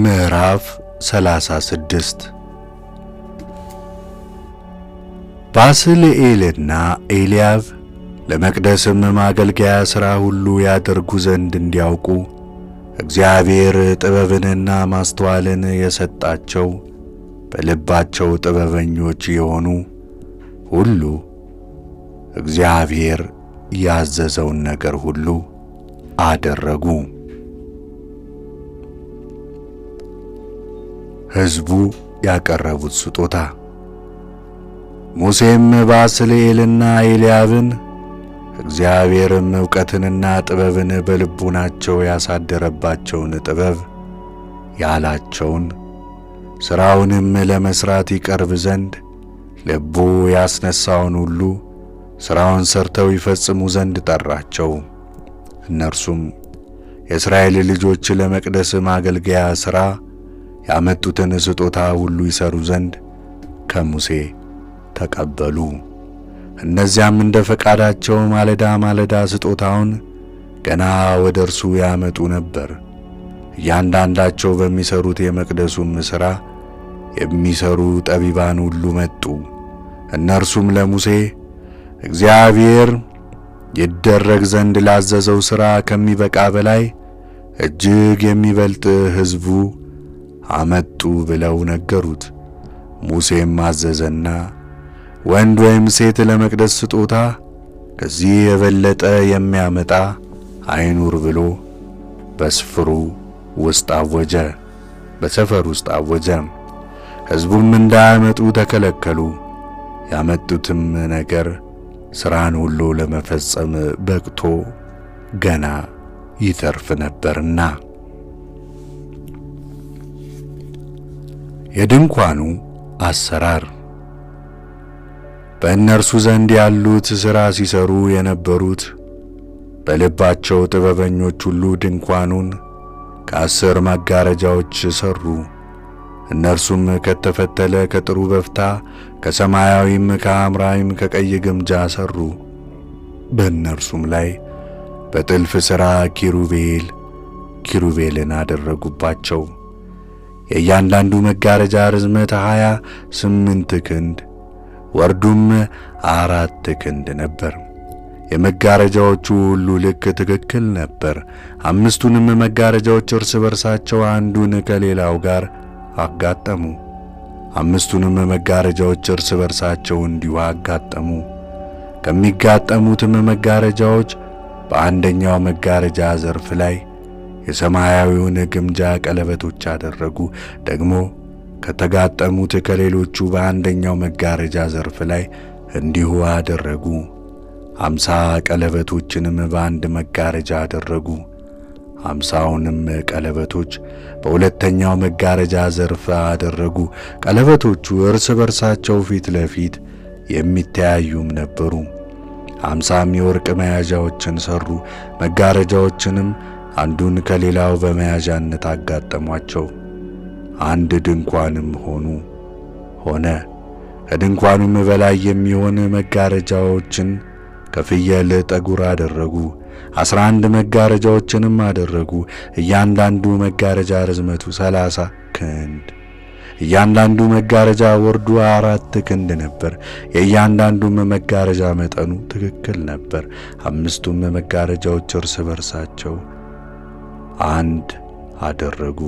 ምዕራፍ 36 ባስልኤልና ኤልያብ ለመቅደስም ማገልገያ ሥራ ሁሉ ያደርጉ ዘንድ እንዲያውቁ እግዚአብሔር ጥበብንና ማስተዋልን የሰጣቸው በልባቸው ጥበበኞች የሆኑ ሁሉ እግዚአብሔር ያዘዘውን ነገር ሁሉ አደረጉ። ሕዝቡ ያቀረቡት ስጦታ። ሙሴም ባስልኤልና ኤልያብን እግዚአብሔርም ዕውቀትንና ጥበብን በልቡናቸው ያሳደረባቸውን ጥበብ ያላቸውን ሥራውንም ለመሥራት ይቀርብ ዘንድ ልቡ ያስነሳውን ሁሉ ሥራውን ሰርተው ይፈጽሙ ዘንድ ጠራቸው። እነርሱም የእስራኤል ልጆች ለመቅደስ ማገልገያ ሥራ ያመጡትን ስጦታ ሁሉ ይሰሩ ዘንድ ከሙሴ ተቀበሉ። እነዚያም እንደ ፈቃዳቸው ማለዳ ማለዳ ስጦታውን ገና ወደ እርሱ ያመጡ ነበር። እያንዳንዳቸው በሚሰሩት የመቅደሱም ሥራ የሚሰሩ ጠቢባን ሁሉ መጡ። እነርሱም ለሙሴ እግዚአብሔር ይደረግ ዘንድ ላዘዘው ሥራ ከሚበቃ በላይ እጅግ የሚበልጥ ሕዝቡ አመጡ ብለው ነገሩት። ሙሴም አዘዘና ወንድ ወይም ሴት ለመቅደስ ስጦታ ከዚህ የበለጠ የሚያመጣ አይኑር ብሎ በስፍሩ ውስጥ አወጀ። በሰፈር ውስጥ አወጀ። ሕዝቡም እንዳያመጡ ተከለከሉ። ያመጡትም ነገር ሥራን ሁሉ ለመፈጸም በቅቶ ገና ይተርፍ ነበርና የድንኳኑ አሰራር በእነርሱ ዘንድ ያሉት ሥራ ሲሰሩ የነበሩት በልባቸው ጥበበኞች ሁሉ ድንኳኑን ከአስር መጋረጃዎች ሰሩ እነርሱም ከተፈተለ ከጥሩ በፍታ ከሰማያዊም ከሐምራዊም ከቀይ ግምጃ ሰሩ በእነርሱም ላይ በጥልፍ ሥራ ኪሩቤል ኪሩቤልን አደረጉባቸው። የእያንዳንዱ መጋረጃ ርዝመት ሀያ ስምንት ክንድ ወርዱም አራት ክንድ ነበር። የመጋረጃዎቹ ሁሉ ልክ ትክክል ነበር። አምስቱንም መጋረጃዎች እርስ በርሳቸው አንዱን ከሌላው ጋር አጋጠሙ። አምስቱንም መጋረጃዎች እርስ በርሳቸው እንዲሁ አጋጠሙ። ከሚጋጠሙትም መጋረጃዎች በአንደኛው መጋረጃ ዘርፍ ላይ የሰማያዊውን ግምጃ ቀለበቶች አደረጉ። ደግሞ ከተጋጠሙት ከሌሎቹ በአንደኛው መጋረጃ ዘርፍ ላይ እንዲሁ አደረጉ። አምሳ ቀለበቶችንም በአንድ መጋረጃ አደረጉ። አምሳውንም ቀለበቶች በሁለተኛው መጋረጃ ዘርፍ አደረጉ። ቀለበቶቹ እርስ በርሳቸው ፊት ለፊት የሚተያዩም ነበሩ። አምሳም የወርቅ መያዣዎችን ሰሩ። መጋረጃዎችንም አንዱን ከሌላው በመያዣነት አጋጠሟቸው። አንድ ድንኳንም ሆኑ ሆነ። ከድንኳኑም በላይ የሚሆን መጋረጃዎችን ከፍየል ጠጉር አደረጉ። አስራ አንድ መጋረጃዎችንም አደረጉ። እያንዳንዱ መጋረጃ ርዝመቱ ሰላሳ ክንድ፣ እያንዳንዱ መጋረጃ ወርዱ አራት ክንድ ነበር። የእያንዳንዱም መጋረጃ መጠኑ ትክክል ነበር። አምስቱም መጋረጃዎች እርስ በርሳቸው አንድ አደረጉ።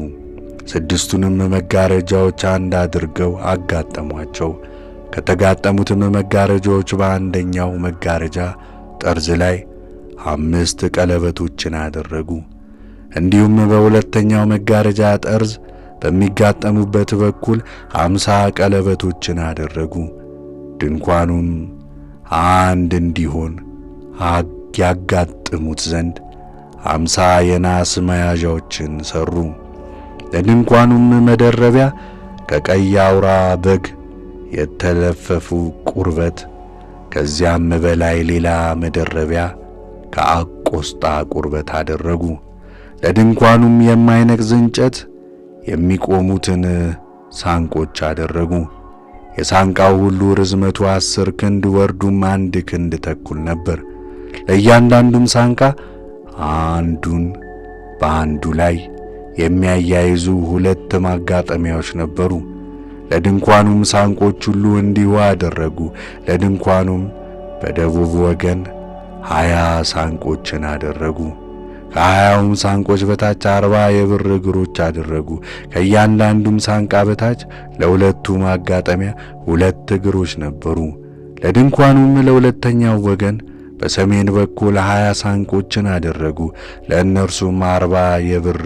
ስድስቱንም መጋረጃዎች አንድ አድርገው አጋጠሟቸው። ከተጋጠሙትም መጋረጃዎች በአንደኛው መጋረጃ ጠርዝ ላይ አምስት ቀለበቶችን አደረጉ። እንዲሁም በሁለተኛው መጋረጃ ጠርዝ በሚጋጠሙበት በኩል አምሳ ቀለበቶችን አደረጉ። ድንኳኑም አንድ እንዲሆን ያጋጥሙት ዘንድ አምሳ የናስ መያዣዎችን ሰሩ። ለድንኳኑም መደረቢያ ከቀይ አውራ በግ የተለፈፉ ቁርበት፣ ከዚያም በላይ ሌላ መደረቢያ ከአቆስጣ ቁርበት አደረጉ። ለድንኳኑም የማይነቅዝ እንጨት የሚቆሙትን ሳንቆች አደረጉ። የሳንቃው ሁሉ ርዝመቱ አስር ክንድ ወርዱም አንድ ክንድ ተኩል ነበር። ለእያንዳንዱም ሳንቃ አንዱን በአንዱ ላይ የሚያያይዙ ሁለት ማጋጠሚያዎች ነበሩ። ለድንኳኑም ሳንቆች ሁሉ እንዲሁ አደረጉ። ለድንኳኑም በደቡብ ወገን ሀያ ሳንቆችን አደረጉ። ከሀያውም ሳንቆች በታች አርባ የብር እግሮች አደረጉ። ከእያንዳንዱም ሳንቃ በታች ለሁለቱ ማጋጠሚያ ሁለት እግሮች ነበሩ። ለድንኳኑም ለሁለተኛው ወገን በሰሜን በኩል ሀያ ሳንቆችን አደረጉ። ለእነርሱም አርባ የብር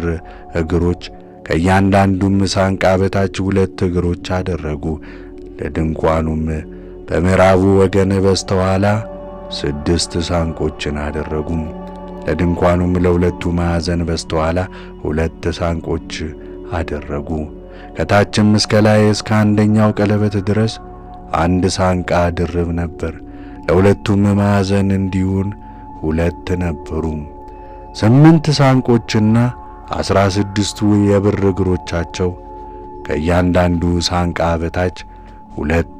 እግሮች ከእያንዳንዱም ሳንቃ በታች ሁለት እግሮች አደረጉ። ለድንኳኑም በምዕራቡ ወገን በስተኋላ ስድስት ሳንቆችን አደረጉ። ለድንኳኑም ለሁለቱ ማዕዘን በስተኋላ ሁለት ሳንቆች አደረጉ። ከታችም እስከ ላይ እስከ አንደኛው ቀለበት ድረስ አንድ ሳንቃ ድርብ ነበር። ለሁለቱም ማዕዘን እንዲሆን ሁለት ነበሩ። ስምንት ሳንቆችና አስራ ስድስቱ የብር እግሮቻቸው ከእያንዳንዱ ሳንቃ በታች ሁለት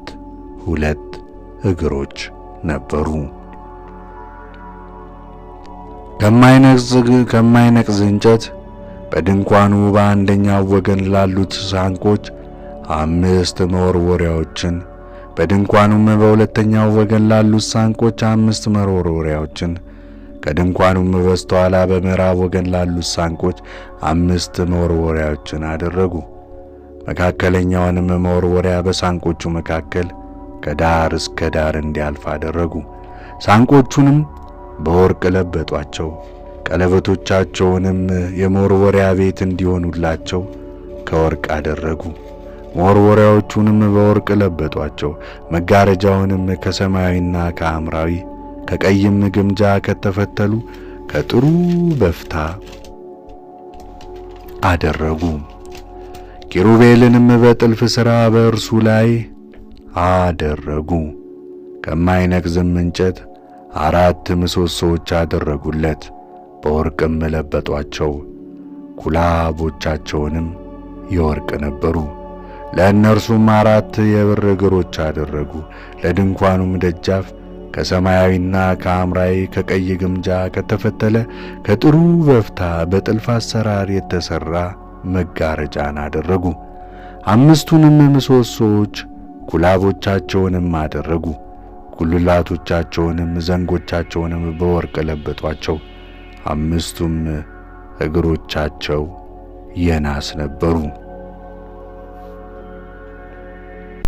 ሁለት እግሮች ነበሩ። ከማይነቅዝ እንጨት በድንኳኑ በአንደኛው ወገን ላሉት ሳንቆች አምስት መወርወሪያዎችን በድንኳኑም በሁለተኛው ወገን ላሉት ሳንቆች አምስት መወርወሪያዎችን ከድንኳኑም በስተኋላ በምዕራብ ወገን ላሉት ሳንቆች አምስት መወርወሪያዎችን አደረጉ። መካከለኛውንም መወርወሪያ በሳንቆቹ መካከል ከዳር እስከ ዳር እንዲያልፍ አደረጉ። ሳንቆቹንም በወርቅ ለበጧቸው። ቀለበቶቻቸውንም የመወርወሪያ ቤት እንዲሆኑላቸው ከወርቅ አደረጉ። መወርወሪያዎቹንም በወርቅ ለበጧቸው። መጋረጃውንም ከሰማያዊና ከሐምራዊ ከቀይም ግምጃ ከተፈተሉ ከጥሩ በፍታ አደረጉ። ኪሩቤልንም በጥልፍ ሥራ በእርሱ ላይ አደረጉ። ከማይነቅዝም እንጨት አራት ምሰሶዎች አደረጉለት፣ በወርቅም ለበጧቸው። ኩላቦቻቸውንም የወርቅ ነበሩ። ለእነርሱም አራት የብር እግሮች አደረጉ። ለድንኳኑም ደጃፍ ከሰማያዊና ከሐምራዊ ከቀይ ግምጃ ከተፈተለ ከጥሩ በፍታ በጥልፍ አሰራር የተሠራ መጋረጃን አደረጉ። አምስቱንም ምሰሶዎች ኩላቦቻቸውንም አደረጉ። ጉልላቶቻቸውንም ዘንጎቻቸውንም በወርቅ ለበጧቸው። አምስቱም እግሮቻቸው የናስ ነበሩ።